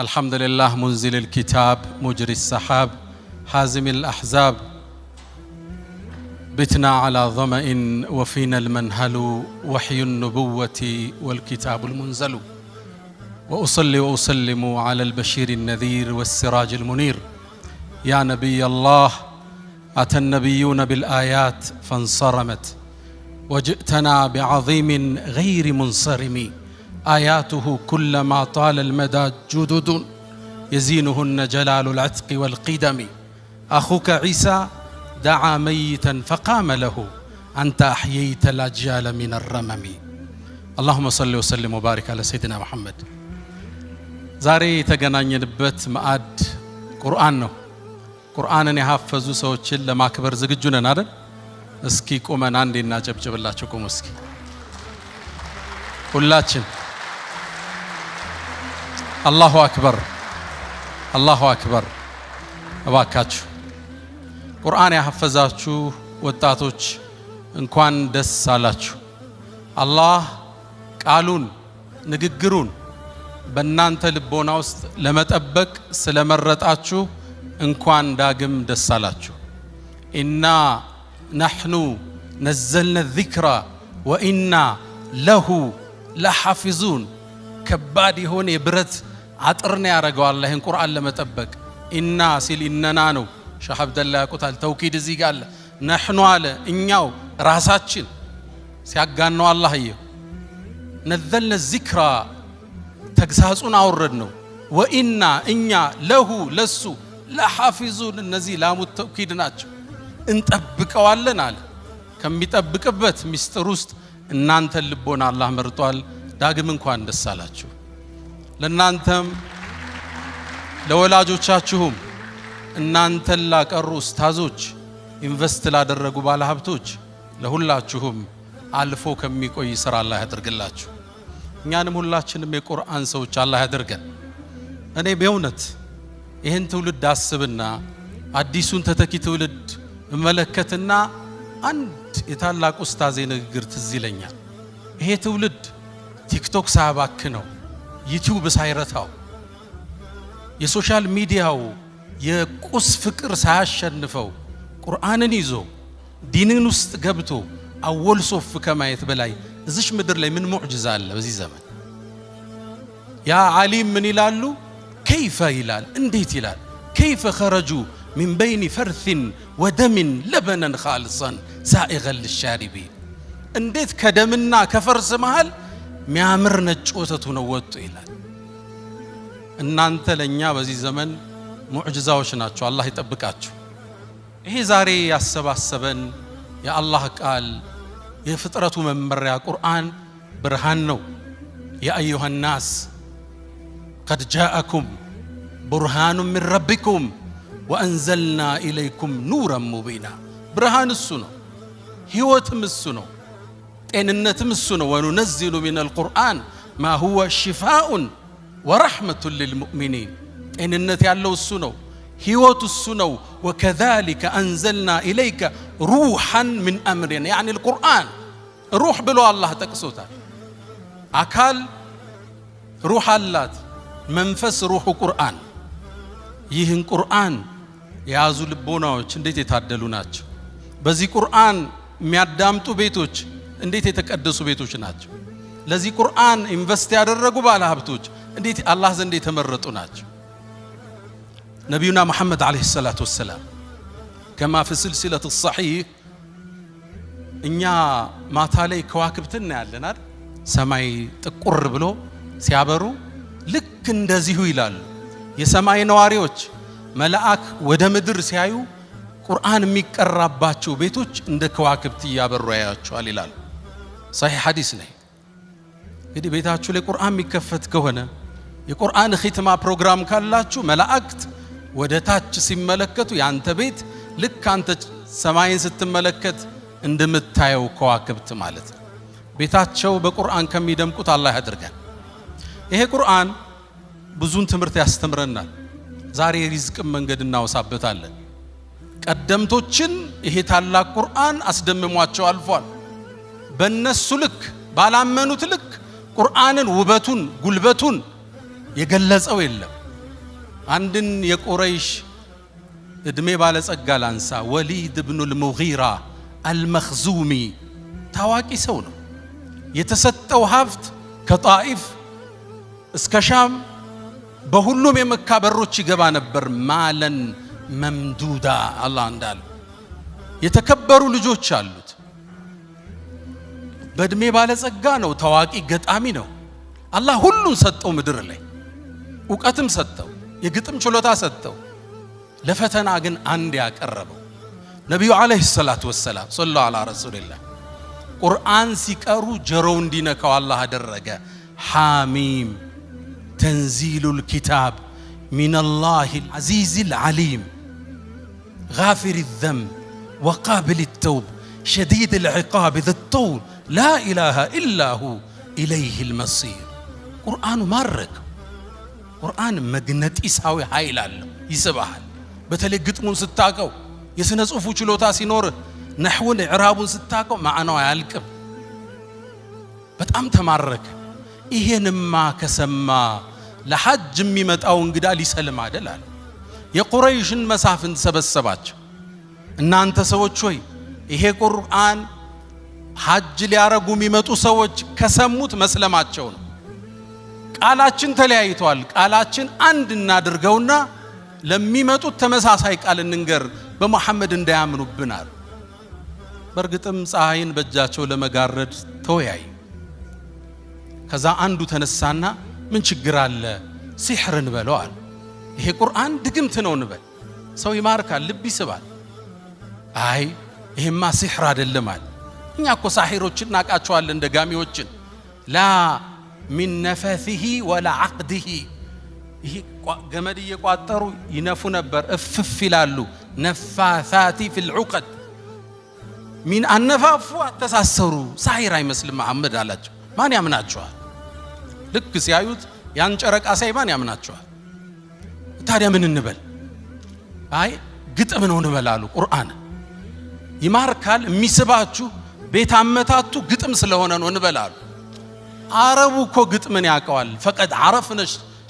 الحمد لله منزل الكتاب مجري السحاب حازم الأحزاب بتنا على ظمأ وفينا المنهل وحي النبوة والكتاب المنزل وأصلي وأسلم على البشير النذير والسراج المنير يا نبي الله أتى النبيون بالآيات فانصرمت وجئتنا بعظيم غير منصرم آياته كلما طال المدى جدد يزينهن جلال العتق والقدم أخوك عيسى دعا ميتا فقام له أنت أحييت الأجيال من الرمم اللهم صل وسلم وبارك على سيدنا محمد زاري نبت مأد የተገናኘንበት قرآن ቁርአን سوى ቁርአንን ما كبر ለማክበር نار اسكي አይደል? እስኪ ቁመን جب الله ቁሙ እስኪ كلاتشن አላሁ አክበር አላሁ አክበር። እባካችሁ ቁርአን ያሐፈዛችሁ ወጣቶች እንኳን ደስ አላችሁ። አላህ ቃሉን ንግግሩን በእናንተ ልቦና ውስጥ ለመጠበቅ ስለመረጣችሁ እንኳን ዳግም ደስ አላችሁ። ኢና ናሕኑ ነዘልነ ዚክራ ወኢና ለሁ ለሐፊዙን። ከባድ የሆነ የብረት አጥር ነው ያደረገው አላህ ቁርአን ለመጠበቅ ኢና ሲል ኢነና ነው። ሸህ አብደላ ያውቁታል። ተውኪድ እዚህ ጋር አለ። ነሕኑ አለ እኛው ራሳችን ሲያጋነው አላህዬ ነዘልነ ዚክራ ተግሳጹን አወረድ ነው። ወኢና እኛ ለሁ ለሱ ለሓፊዙን እነዚህ ላሙት ተውኪድ ናቸው እንጠብቀዋለን አለ። ከሚጠብቅበት ሚስጥር ውስጥ እናንተን ልቦና አላህ መርጧል። ዳግም እንኳን ደስ አላችሁ። ለእናንተም ለወላጆቻችሁም እናንተን ላቀሩ ኡስታዞች ኢንቨስት ላደረጉ ባለሀብቶች ለሁላችሁም አልፎ ከሚቆይ ስራ አላህ ያደርግላችሁ። እኛንም ሁላችንም የቁርአን ሰዎች አላህ ያደርገን። እኔ በእውነት ይህን ትውልድ አስብና አዲሱን ተተኪ ትውልድ እመለከትና አንድ የታላቅ ኡስታዜ ንግግር ትዝ ይለኛል። ይሄ ትውልድ ቲክቶክ ሳያባክ ነው ዩቲዩብ ሳይረታው የሶሻል ሚዲያው የቁስ ፍቅር ሳያሸንፈው ቁርአንን ይዞ ዲንን ውስጥ ገብቶ አወል ሶፍ ከማየት በላይ እዚሽ ምድር ላይ ምን ሙዕጅዛ አለ? በዚህ ዘመን ያ ዓሊም ምን ይላሉ? ከይፈ ይላል፣ እንዴት ይላል? ከይፈ ኸረጁ ሚን በይኒ ፈርሲን ወደሚን ለበነን ኻልሰን ዛኢገን ልሻሪቢን እንዴት ከደምና ከፈርስ መሃል የሚያምር ነጭ ወተቱ ነው ወጡ ይላል። እናንተ ለእኛ በዚህ ዘመን ሙዕጅዛዎች ናቸው። አላህ ይጠብቃችሁ። ይሄ ዛሬ ያሰባሰበን የአላህ ቃል የፍጥረቱ መመሪያ ቁርአን ብርሃን ነው። የአዩሃ ናስ ቀድ ጃአኩም ቡርሃኑ ምን ረቢኩም ወአንዘልና ኢለይኩም ኑረን ሙቢና ብርሃን እሱ ነው፣ ህይወትም እሱ ነው። ጤንነትም እሱ ነው። ወኑነዚሉ ሚነል ቁርአን ማ ሁወ ሽፋኡን ወረሕመቱን ልልሙእሚኒን ጤንነት ያለው እሱ ነው። ህይወት እሱ ነው። ወከዛሊከ አንዘልና ኢለይከ ሩሐን ምን አምሪና ያኒ ልቁርአን ሩሕ ብሎ አላህ ጠቅሶታል። አካል ሩሕ አላት፣ መንፈስ ሩሑ ቁርአን። ይህን ቁርአን የያዙ ልቦናዎች እንዴት የታደሉ ናቸው! በዚህ ቁርአን የሚያዳምጡ ቤቶች እንዴት የተቀደሱ ቤቶች ናቸው። ለዚህ ቁርአን ኢንቨስት ያደረጉ ባለ ሀብቶች እንዴት አላህ ዘንድ የተመረጡ ናቸው። ነቢዩና መሐመድ ዓለይሂ ሰላቱ ወሰላም ከማ ፊ ስልሲለት ሰሒህ እኛ ማታ ላይ ከዋክብትን እናያለናል። ሰማይ ጥቁር ብሎ ሲያበሩ ልክ እንደዚሁ ይላሉ የሰማይ ነዋሪዎች። መልአክ ወደ ምድር ሲያዩ ቁርአን የሚቀራባቸው ቤቶች እንደ ከዋክብት እያበሩ ያያቸዋል ይላሉ። ሰሒህ ሐዲስ ነይ እንግዲህ ቤታችሁ ላይ ቁርአን የሚከፈት ከሆነ የቁርአን ኺትማ ፕሮግራም ካላችሁ መላእክት ወደ ታች ሲመለከቱ ያንተ ቤት ልክ አንተ ሰማይን ስትመለከት እንደምታየው ከዋክብት ማለት ነው። ቤታቸው በቁርአን ከሚደምቁት አላህ ያድርገን። ይሄ ቁርአን ብዙን ትምህርት ያስተምረናል። ዛሬ ሪዝቅን መንገድ እናወሳበታለን። ቀደምቶችን ይሄ ታላቅ ቁርአን አስደምሟቸው አልፏል። በእነሱ ልክ ባላመኑት ልክ ቁርአንን ውበቱን ጉልበቱን የገለጸው የለም። አንድን የቁረይሽ እድሜ ባለጸጋ ላንሳ። ወሊድ ብኑል ሙጊራ አልመክዙሚ ታዋቂ ሰው ነው። የተሰጠው ሀብት ከጣኢፍ እስከ ሻም በሁሉም የመካ በሮች ይገባ ነበር። ማለን መምዱዳ አላህ እንዳለ የተከበሩ ልጆች አሉ። በእድሜ ባለጸጋ ነው። ታዋቂ ገጣሚ ነው። አላህ ሁሉን ሰጠው። ምድር ላይ እውቀትም ሰጠው፣ የግጥም ችሎታ ሰጠው። ለፈተና ግን አንድ ያቀረበው ነቢዩ ዓለይሂ ሰላቱ ወሰላም ሰለ አላ ረሱልላህ ቁርአን ሲቀሩ ጀሮው እንዲነካው አላህ አደረገ። ሐሚም ተንዚሉል ኪታብ ሚነላሂ አዚዚል ዓሊም ጋፊሪ ዘንብ ወቃቢል ተውብ ሸዲድ ልዕቃብ ዘተውል ላ ኢላሃ ኢላሁ ኢለይሂል መሲር። ቁርአኑ ማረክ። ቁርአን መግነጢሳዊ ኃይል አለው፣ ይስብሃል። በተለይ ግጥሙን ስታቀው፣ የሥነ ጽሑፉ ችሎታ ሲኖር ነሕውን ዕራቡን ስታቀው ማዕናው አያልቅም። በጣም ተማረክ ይሄንማ ከሰማ ለሐጅ የሚመጣው እንግዳ ሊሰልም አደል አለ። የቁረይሽን መሳፍንት ሰበሰባቸው። እናንተ ሰዎች ሆይ ይሄ ቁርአን ሐጅ ሊያረጉ የሚመጡ ሰዎች ከሰሙት መስለማቸው ነው። ቃላችን ተለያይቷል። ቃላችን አንድ እናድርገውና ለሚመጡት ተመሳሳይ ቃል እንንገር፣ በመሐመድ እንዳያምኑብናል። በእርግጥም ፀሐይን በእጃቸው ለመጋረድ ተወያይ። ከዛ አንዱ ተነሳና ምን ችግር አለ ሲሕር አለ። ይሄ ቁርአን ድግምት ነው እንበል። ሰው ይማርካል፣ ልብ ይስባል። አይ ይሄማ ሲሕር አይደለም አለ እኛ እኮ ሳሒሮችን እናቃቸዋለን፣ ደጋሚዎችን ላ ሚን ነፈሲሂ ወላ ዓቅድሂ ይህ ገመድ እየቋጠሩ ይነፉ ነበር፣ እፍፍ ይላሉ። ነፋሳቲ ፊልዑቀድ ሚን አነፋፉ አተሳሰሩ። ሳሒር አይመስልም መሐመድ አላቸው። ማን ያምናቸዋል? ልክ ሲያዩት ያን ጨረቃ ሳይ ማን ያምናቸዋል? ታዲያ ምን እንበል? አይ ግጥም ነው እንበላሉ። ቁርአን ይማርካል የሚስባችሁ ቤት አመታቱ ግጥም ስለሆነ ነው እንበላሉ። አረቡ እኮ ግጥምን ያውቀዋል። ፈቀድ ዓረፍነ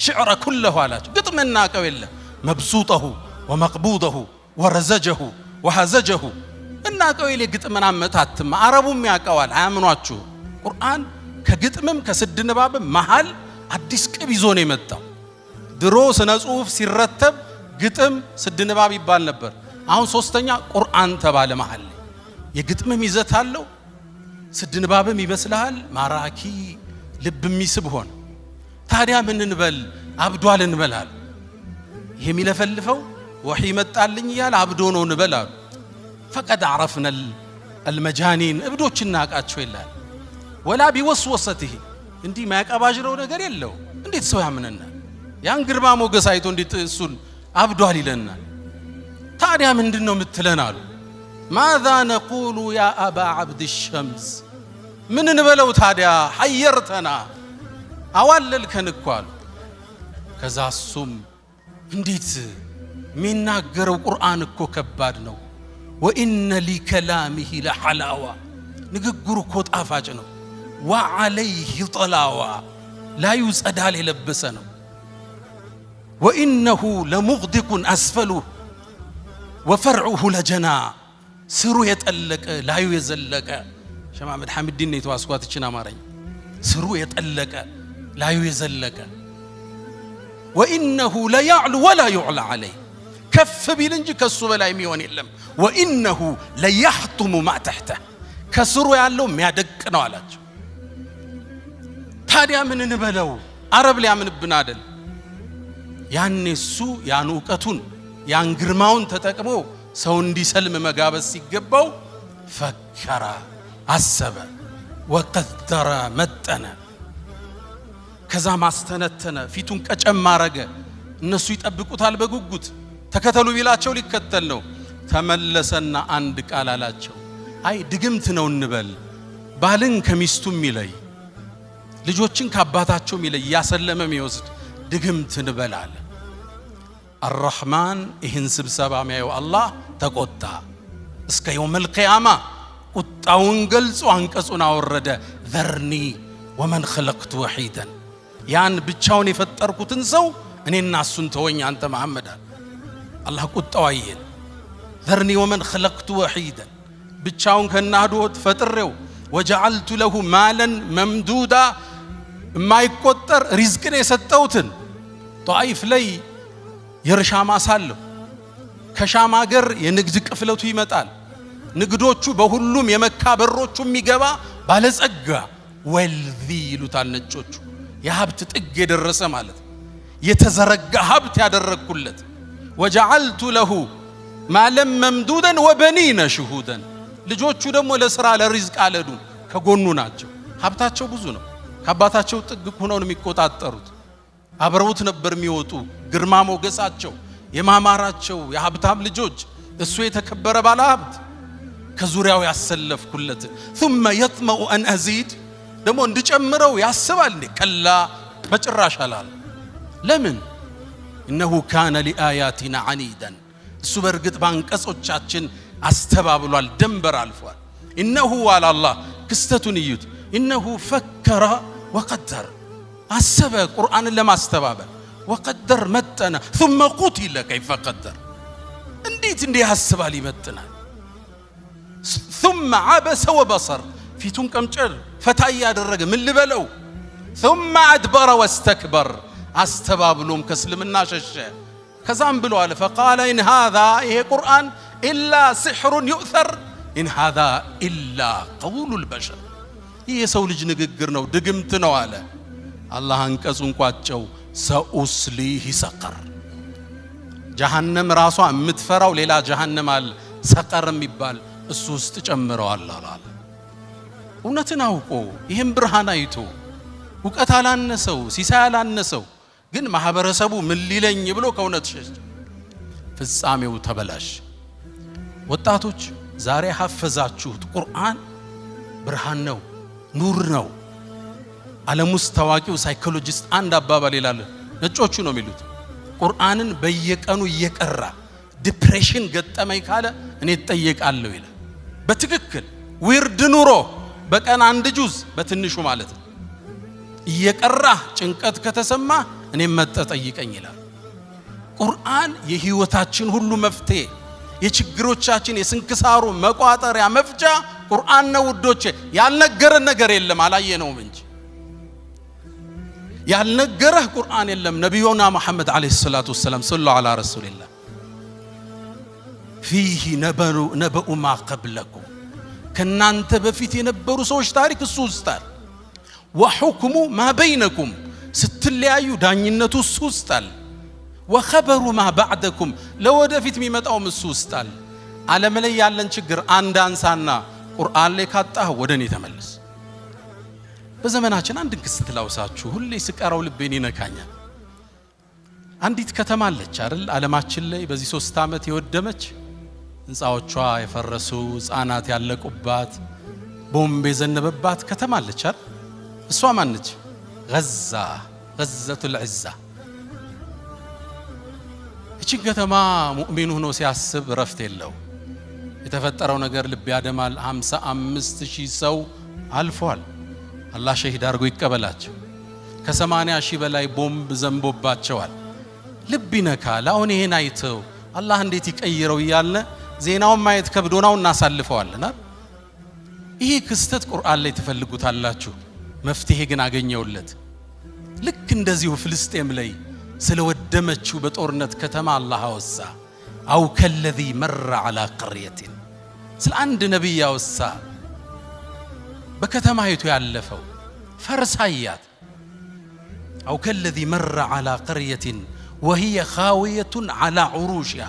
ሽዕረ ኩለሁ አላቸው። ግጥም እናቀው የለም መብሱጠሁ ወመቅቡደሁ ወረዘጀሁ ወሐዘጀሁ እናቀው የለ ግጥምን አመታትም አረቡም ያውቀዋል። አያምኗችሁ ቁርአን ከግጥምም ከስድ ንባብም መሃል አዲስ ቅብ ይዞ ነው የመጣው። ድሮ ስነ ጽሁፍ ሲረተብ ግጥም ስድ ንባብ ይባል ነበር። አሁን ሶስተኛ ቁርአን ተባለ መሃል የግጥምም ይዘት አለው። ስድንባብም ንባብም ይመስልሃል ማራኪ ልብ የሚስብ ሆነ። ታዲያ ምን እንበል አብዷል አሉ። ይህ የሚለፈልፈው ወሒ መጣልኝ እያል አብዶ ነው እንበል አሉ። ፈቀድ አረፍነል አልመጃኒን እብዶች እናቃቸው ይላል። ወላ ቢወስወሰት ይሄ እንዲህ ማያቀባዥረው ነገር የለው። እንዴት ሰው ያምንናል? ያን ግርማ ሞገስ አይቶ እንዴት እሱን አብዷል ይለናል። ታዲያ ምንድን ነው የምትለን አሉ ማዛ ነቁሉ ያ አባ ዓብድ ሸምስ ምን እንበለው ታዲያ ሐየርተና አዋለልከን እኮ አሉ። ከዛ እሱም እንዴት የሚናገረው ቁርአን እኮ ከባድ ነው። ወኢነ ሊከላሚሂ ለሐላዋ ንግግሩ እኮ ጣፋጭ ነው። ወዓለይህ ጠላዋ ላዩ ጸዳል የለበሰ ነው። ወኢነሁ ለሙግዲቁን አስፈሉ ወፈርዑሁ ለጀና ስሩ የጠለቀ ላዩ የዘለቀ ሸማመድ ሐሚዲን የተዋስኳት እችን አማረኝ ስሩ የጠለቀ ላዩ የዘለቀ ወኢነሁ ለያዕሉ ወላ ዩዕላ ዓለይ ከፍ ቢል እንጂ ከሱ በላይ የሚሆን የለም። ወኢነሁ ለያሕቱሙ ማተሕተ ከስሩ ያለው የሚያደቅ ነው አላቸው። ታዲያ ምን እንበለው? አረብ ሊያምንብን አደል? ያኔ እሱ ያን እውቀቱን ያን ግርማውን ተጠቅሞ ሰው እንዲሰልም መጋበዝ ሲገባው ፈከራ አሰበ፣ ወቀደረ መጠነ፣ ከዛም አስተነተነ፣ ፊቱን ቀጨም አረገ። እነሱ ይጠብቁታል በጉጉት ተከተሉ ቢላቸው ሊከተል ነው። ተመለሰና አንድ ቃል አላቸው፣ አይ ድግምት ነው እንበል ባልን ከሚስቱም ይለይ ልጆችን ከአባታቸውም ይለይ እያሰለመ ይወስድ ድግምት እንበል አለ። አራህማን ይህን ስብሰባ ሚያየው አላህ ተቆጣ። እስከ የውመል ቂያማ ቁጣውን ገልጾ አንቀጹን አወረደ። ዘርኒ ወመን ኸለቅቱ ወሒደን ያን ብቻውን የፈጠርኩትን ሰው እኔና እሱን ተወኝ አንተ መሐመድ አለ አላህ። ቁጣው አየን። ዘርኒ ወመን ኸለቅቱ ወሒደን ብቻውን ከናህዶት ፈጥሬው ወጀዓልቱ ለሁ ማለን መምዱዳ የማይቆጠር ሪዝቅን የሰጠውትን ጣይፍ ላይ የእርሻ ማሳ አለው። ከሻም ሀገር የንግድ ቅፍለቱ ይመጣል። ንግዶቹ በሁሉም የመካ በሮቹ የሚገባ ባለጸጋ ወልዚ ይሉታል ነጮቹ። የሀብት ጥግ የደረሰ ማለት የተዘረጋ ሀብት ያደረግኩለት ወጀዓልቱ ለሁ ማለም መምዱደን ወበኒነ ሽሁደን። ልጆቹ ደግሞ ለስራ ለሪዝቅ አለዱ ከጎኑ ናቸው። ሀብታቸው ብዙ ነው። ከአባታቸው ጥግ ሆነው ነው የሚቆጣጠሩት። አብረውት ነበር የሚወጡ ግርማ ሞገሳቸው የማማራቸው የሀብታም ልጆች እሱ የተከበረ ባለ ሀብት ከዙሪያው ያሰለፍኩለትን ثم يطمع ان ازيد ደግሞ እንድጨምረው ያስባል እንዴ? ከላ በጭራሽ አላል። ለምን እነሁ ካነ ሊአያቲና አኒደን እሱ በእርግጥ በአንቀጾቻችን አስተባብሏል፣ ደንበር አልፏል። እነሁ አላላህ ክስተቱን እዩት። እነሁ ፈከረ ወቀደር አሰበ ቁርአንን ለማስተባበል ወቀደር መጠነ ثم قتل كيف قدر እንዴት እንዲህ ያስባል ይመጥናል ثم عبس وبصر ፊቱን ቀምጭር ፈታ እያደረገ ምን ልበለው ثم أدبر واستكبر አስተባብሎም ከእስልምና ሸሸ ከዛም ብሎ አለ فقال إن هذا ይሄ ቁርአን إلا سحر يؤثر إن هذا إلا قول البشر ይህ የሰው ልጅ ንግግር ነው ድግምት ነው አለ አላህ አንቀጹን ቋጨው። ሰኡስሊህ ሰቀር ጀሃነም ራሷ የምትፈራው ሌላ ጀሃነም አለ፣ ሰቀር የሚባል እሱ ውስጥ ጨምረዋል አላል። እውነትን አውቆ ይህም ብርሃን አይቶ እውቀት አላነሰው ሲሳይ አላነሰው፣ ግን ማህበረሰቡ ምን ሊለኝ ብሎ ከእውነት ሸሽ ፍጻሜው ተበላሽ። ወጣቶች ዛሬ ሀፈዛችሁት ቁርአን ብርሃን ነው፣ ኑር ነው ዓለም ውስጥ ታዋቂው ሳይኮሎጂስት አንድ አባባል ይላል፣ ነጮቹ ነው የሚሉት። ቁርአንን በየቀኑ እየቀራ ዲፕሬሽን ገጠመኝ ካለ እኔ እጠየቃለሁ ይላል። በትክክል ዊርድ ኑሮ በቀን አንድ ጁዝ በትንሹ ማለት ነው እየቀራ ጭንቀት ከተሰማ እኔም መጠ ጠይቀኝ ይላል። ቁርአን የህይወታችን ሁሉ መፍትሄ፣ የችግሮቻችን የስንክሳሩ መቋጠሪያ መፍጫ ቁርአን ነው ውዶቼ። ያልነገረን ነገር የለም አላየነውም እንጂ ያልነገረህ ቁርአን የለም። ነቢዩና መሐመድ ዓለይሂ ሰላቱ ወሰላም ሰሉ ዐላ ረሱሊላህ ፊህ ነበኡ ማ ቀብለኩም ከእናንተ በፊት የነበሩ ሰዎች ታሪክ እሱ ውስጣል። ወሑክሙ ማ በይነኩም ስትለያዩ ዳኝነቱ እሱ ውስጣል። ወኸበሩ ማ ባዕደኩም ለወደፊት የሚመጣውም እሱ ውስጣል። ዓለም ላይ ያለን ችግር አንድ አንሳና ቁርአን ላይ ካጣህ ወደ እኔ ተመለስ። በዘመናችን አንድ ክስት ላውሳችሁ፣ ሁሌ ስቀራው ልቤን ይነካኛል። አንዲት ከተማ አለች አይደል? ዓለማችን ላይ በዚህ ሶስት ዓመት የወደመች ህንፃዎቿ የፈረሱ ህፃናት ያለቁባት ቦምብ የዘነበባት ከተማ አለች አይደል? እሷ ማነች? ገዛ ገዘቱል ዒዛ። እቺን ከተማ ሙእሚን ሆኖ ሲያስብ እረፍት የለው። የተፈጠረው ነገር ልብ ያደማል። 55 ሺህ ሰው አልፏል። አላህ ሸሂድ አድርጎ ይቀበላቸው። ከሰማንያ ሺህ በላይ ቦምብ ዘንቦባቸዋል። ልብ ይነካል። አሁን ይሄን አይተው አላህ እንዴት ይቀይረው እያልነ ዜናውን ማየት ከብዶናው እናሳልፈዋልና ይሄ ክስተት ቁርአን ላይ ትፈልጉታላችሁ። መፍትሄ ግን አገኘውለት። ልክ እንደዚሁ ፍልስጤም ላይ ስለወደመችው በጦርነት ከተማ አላህ አወሳ። አው ከለዚ መራ ዓላ ቅርየትን ስለ አንድ ነቢይ አወሳ። በከተማይቱ ያለፈው ፈርሳያት አው ከለዚ መራ አላ ቀርየትን ወህየ ኻውየቱን አላ ዑሩሽሃ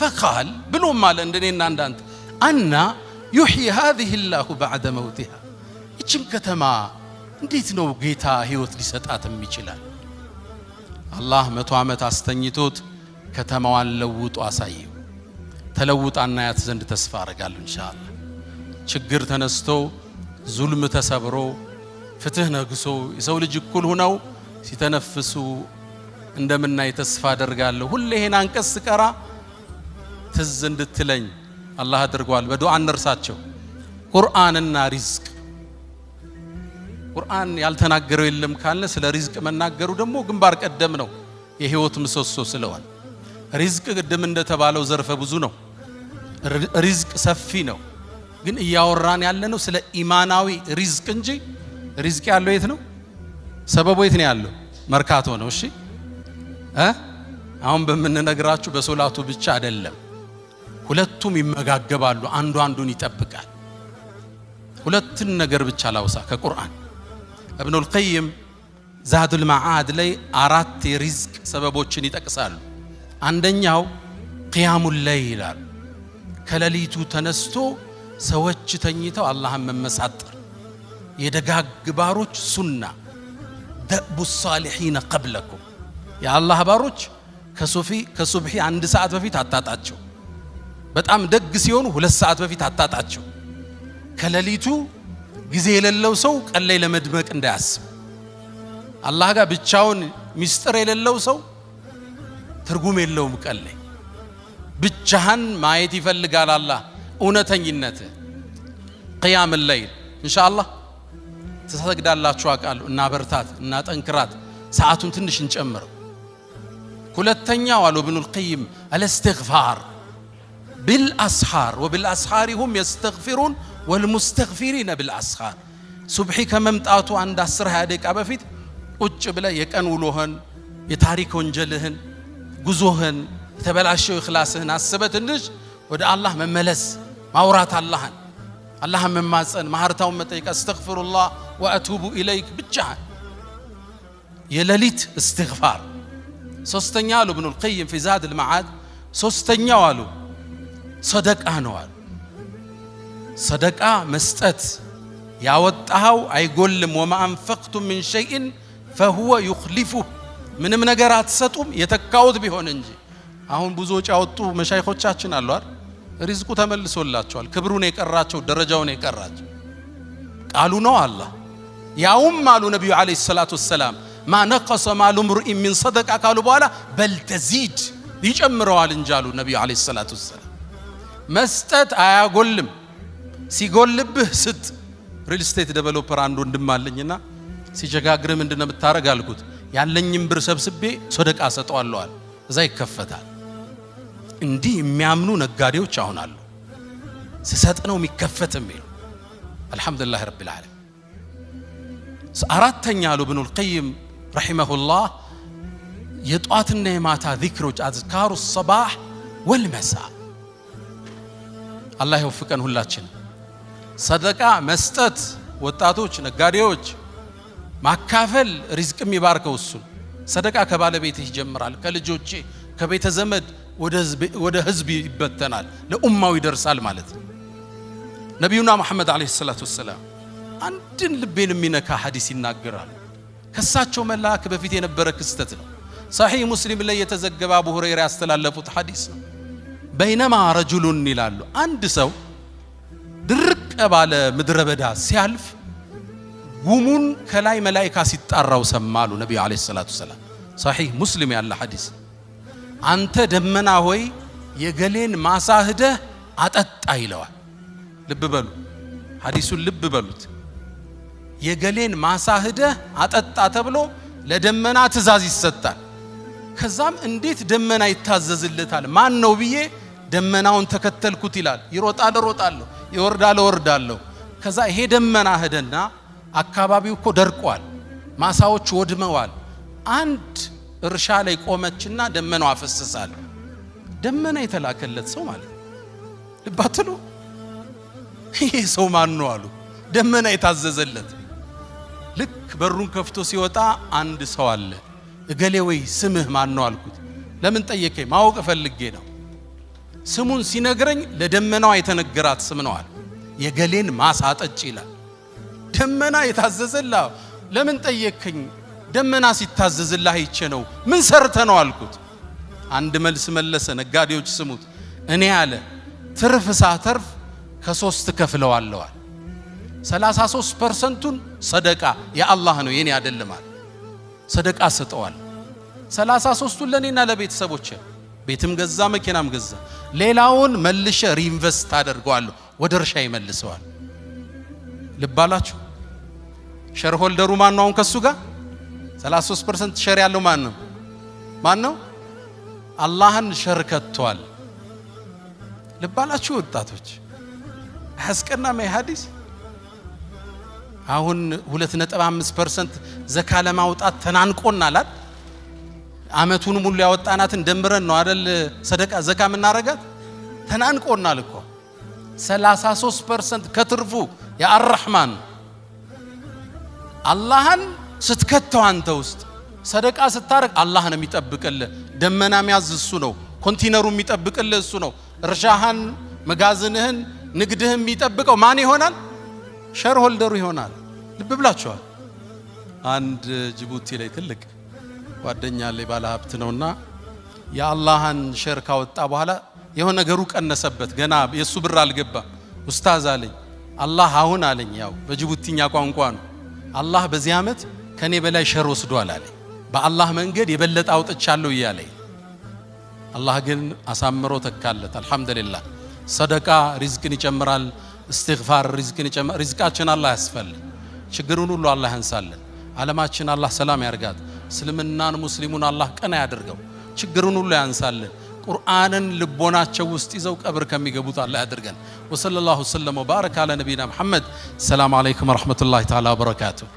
ፈቃል ብሎም አለ እንደኔና እንዳንተ አና ዩሕይ ሃዚህ ላሁ ባዕደ መውቲሃ ይችም ከተማ እንዴት ነው ጌታ ሕይወት ሊሰጣትም ይችላል? አላህ መቶ ዓመት አስተኝቶት ከተማዋን ለውጦ አሳየው። ተለውጣ እናያት ዘንድ ተስፋ አረጋለሁ። እንሻአላ ችግር ተነስቶ ዙልም ተሰብሮ ፍትህ ነግሶ የሰው ልጅ እኩል ሁነው ሲተነፍሱ እንደምናይ ተስፋ አደርጋለሁ። ሁሌ ይሄን አንቀጽ ስቀራ ትዝ እንድትለኝ አላህ አድርጓል። በዱዓ እንርሳቸው። ቁርአንና ሪዝቅ ቁርአን ያልተናገረው የለም ካለ ስለ ሪዝቅ መናገሩ ደግሞ ግንባር ቀደም ነው፣ የህይወት ምሰሶ ስለሆነ ሪዝቅ ቅድም እንደተባለው ዘርፈ ብዙ ነው። ሪዝቅ ሰፊ ነው። ግን እያወራን ያለ ነው ስለ ኢማናዊ ሪዝቅ እንጂ ሪዝቅ ያለው የት ነው? ሰበቡ የት ነው ያለው? መርካቶ ነው። እሺ እ አሁን በምንነግራችሁ በሶላቱ ብቻ አይደለም። ሁለቱም ይመጋገባሉ። አንዱ አንዱን ይጠብቃል። ሁለትን ነገር ብቻ ላውሳ ከቁርአን እብኑል ቀይም ዛዱል መዓድ ላይ አራት የሪዝቅ ሰበቦችን ይጠቅሳሉ። አንደኛው ቅያሙ ላይ ይላሉ። ከሌሊቱ ተነስቶ ሰዎች ተኝተው አላህን መመሳጠር የደጋግ ባሮች ሱና ደቡ ሳሊሒነ ቀብለኩም የአላህ ባሮች ከሱብሒ አንድ ሰዓት በፊት አታጣቸው። በጣም ደግ ሲሆኑ ሁለት ሰዓት በፊት አታጣቸው። ከሌሊቱ ጊዜ የሌለው ሰው ቀን ላይ ለመድመቅ እንዳያስብ። አላህ ጋር ብቻውን ሚስጥር የሌለው ሰው ትርጉም የለውም። ቀን ላይ ብቻህን ማየት ይፈልጋል አላህ እውነተኝነትህ ቅያም ለይል እንሻ አላህ ትሰግዳላችሁ አውቃለሁ። እናበርታት፣ እናጠንክራት፣ ሰዓቱን ትንሽ እንጨምረው። ሁለተኛው አሉ ኢብኑል ቀይም አልእስትግፋር ቢልአስሓር ወቢልአስሓሪ ሁም የስተግፊሩን ወልሙስተግፊሪነ ቢልአስሓር ሱብሒ ከመምጣቱ አንድ 10 20 ደቂቃ በፊት ቁጭ ብለ የቀን ውሎህን፣ የታሪክ ወንጀልህን፣ ጉዞህን፣ የተበላሸው እኽላስህን አስበ ትንሽ ወደ አላህ መመለስ ማውራት አላህን አላህን መማፀን ማህርታውን መጠየቅ አስተግፊሩላህ ወአቱቡ ኢለይክ ብቻህን የሌሊት እስትግፋር ሶስተኛ አሉ ኢብኑል ቀይም ፊ ዛድል መዓድ ሶስተኛው አሉ ሰደቃ ነው አሉ ሰደቃ መስጠት ያወጣኸው አይጎልም ወማአንፈቅቱም ምን ሸይእን ፈሁወ ዩኽሊፉሁ ምንም ነገር አትሰጡም የተካውት ቢሆን እንጂ አሁን ብዙ ወጪ ያወጡ መሻይኾቻችን አሉ አይደል ሪዝቁ ተመልሶላቸዋል። ክብሩን የቀራቸው ደረጃውን የቀራቸው ቃሉ ነው አላህ። ያውም አሉ ነቢዩ ዓለይሂ ሰላቱ ወሰላም ማ ነቀሰ ማሉ ምርኢን ሚን ሰደቃ ካሉ በኋላ በልተዚድ ይጨምረዋል እንጂ አሉ ነቢዩ ዓለይሂ ሰላቱ ወሰላም። መስጠት አያጎልም፣ ሲጎልብህ ስጥ። ሪል ስቴት ዴቨሎፐር አንዱ ወንድም አለኝና ሲቸጋግርህ ምንድነው የምታረግ አልኩት። ያለኝም ብር ሰብስቤ ሰደቃ ሰጠዋለዋል፣ እዛ ይከፈታል እንዲህ የሚያምኑ ነጋዴዎች አሁን አሉ። ስሰጥ ነው የሚከፈት የሚሉ አልሐምዱሊላህ ረቢል ዓለሚን። አራተኛ አሉ ኢብኑል ቀይም ረሒመሁላህ የጧትና የማታ ዚክሮች አዝካሩ ሰባህ ወልመሳ። አላህ ይወፍቀን ሁላችን። ሰደቃ መስጠት፣ ወጣቶች፣ ነጋዴዎች ማካፈል፣ ሪዝቅ የሚባርከው እሱን። ሰደቃ ከባለቤትህ ይጀምራል፣ ከልጆቼ ከቤተ ዘመድ ወደ ህዝብ ይበተናል፣ ለኡማው ይደርሳል ማለት ነው። ነቢዩና መሐመድ ዓለይሂ ሰላቱ ወሰላም አንድን ልቤን የሚነካ ሐዲስ ይናገራል። ከሳቸው መላክ በፊት የነበረ ክስተት ነው። ሰሒህ ሙስሊም ላይ የተዘገበ አቡ ሁረይራ ያስተላለፉት ሐዲስ ነው። በይነማ ረጁሉን ይላሉ አንድ ሰው ድርቅ ባለ ምድረ በዳ ሲያልፍ ጉሙን ከላይ መላይካ ሲጣራው ሰማሉ ነቢዩ ዓለይሂ ሰላቱ ወሰላም። ሰሒህ ሙስሊም ያለ ሐዲስ አንተ ደመና ሆይ የገሌን ማሳ አጠጣ ይለዋል። ልብ በሉ፣ ሐዲሱን ልብ በሉት። የገሌን ማሳ አጠጣ ተብሎ ለደመና ትእዛዝ ይሰጣል። ከዛም እንዴት ደመና ይታዘዝለታል? ማን ነው ብዬ ደመናውን ተከተልኩት ይላል። ይሮጣል፣ እሮጣለሁ፣ ይወርዳል፣ እወርዳለሁ። ከዛ ይሄ ደመና ሄደና አካባቢው እኮ ደርቋል፣ ማሳዎች ወድመዋል። አንድ እርሻ ላይ ቆመችና ደመናዋ አፈሰሳል። ደመና የተላከለት ሰው ማለት ልባትሉ ይሄ ሰው ማን ነው አሉ። ደመና የታዘዘለት ልክ በሩን ከፍቶ ሲወጣ አንድ ሰው አለ። እገሌ ወይ ስምህ ማን ነው አልኩት። ለምን ጠየከኝ? ማወቅ ፈልጌ ነው። ስሙን ሲነግረኝ ለደመናዋ የተነገራት ስም አለ። የገሌን ማሳጠጭ ይላል። ደመና የታዘዘላ ለምን ጠየከኝ? ደመና ሲታዘዝልህ አይቼ ነው። ምን ሰርተ ነው አልኩት። አንድ መልስ መለሰ። ነጋዴዎች ስሙት። እኔ አለ ትርፍ ሳተርፍ ከሶስት ከፍለዋለዋል። 33 ፐርሰንቱን ሰደቃ የአላህ ነው የኔ አይደለማል። ሰደቃ ሰጠዋል። 33ቱን ለእኔና ለቤተሰቦች ቤትም ገዛ መኪናም ገዛ። ሌላውን መልሸ ሪኢንቨስት አደርገዋለሁ፣ ወደ እርሻ ይመልሰዋል። ልባላችሁ ሸርሆልደሩ ማን ነው አሁን ከሱ ጋር 33 ፐርሰንት ሸር ያለው ማን ነው? ማን ነው? አላህን ሸር ከቷል። ልባላችሁ ወጣቶች አያስቀናም ይህ ሀዲስ። አሁን 2.5 ዘካ ለማውጣት ተናንቆናላል። አመቱን ሙሉ ያወጣናትን ደምረን ነው አይደል? ሰደቃ ዘካ የምናረጋት። ተናንቆናል እኮ 33 ፐርሰንት ከትርፉ የአራህማን አላህን ስትከተው አንተ ውስጥ ሰደቃ ስታረግ አላህ ነው የሚጠብቅልህ። ደመና ሚያዝ እሱ ነው። ኮንቲነሩ የሚጠብቅልህ እሱ ነው። እርሻህን፣ መጋዝንህን፣ ንግድህን የሚጠብቀው ማን ይሆናል? ሸር ሆልደሩ ይሆናል። ልብ ብላችኋል። አንድ ጅቡቲ ላይ ትልቅ ጓደኛ ላይ ባለ ሀብት ነውና የአላህን ሸር ካወጣ በኋላ የሆነ ነገሩ ቀነሰበት። ገና የእሱ ብር አልገባ። ኡስታዝ አለኝ አላህ አሁን አለኝ፣ ያው በጅቡቲኛ ቋንቋ ነው አላህ በዚህ ዓመት ከኔ በላይ ሸር ወስዷል አለ። በአላህ መንገድ የበለጠ አውጥቻለሁ እያለኝ አላህ ግን አሳምሮ ተካለት። አልሐምዱሊላህ። ሰደቃ ሪዝቅን ይጨምራል። እስትግፋር ሪዝቅን ይጨምራል። ሪዝቃችን አላህ ያስፈል። ችግሩን ሁሉ አላህ ያንሳለን። ዓለማችን አላህ ሰላም ያርጋት። እስልምናን ሙስሊሙን አላህ ቀና ያድርገው። ችግሩን ሁሉ ያንሳለን። ቁርአንን ልቦናቸው ውስጥ ይዘው ቀብር ከሚገቡት አላህ ያድርገን። ወሰለላሁ ወሰለም ወባረከ አለ ነቢና መሐመድ። ሰላም አለይኩም ወረሕመቱላሂ ተዓላ ወበረካቱሁ።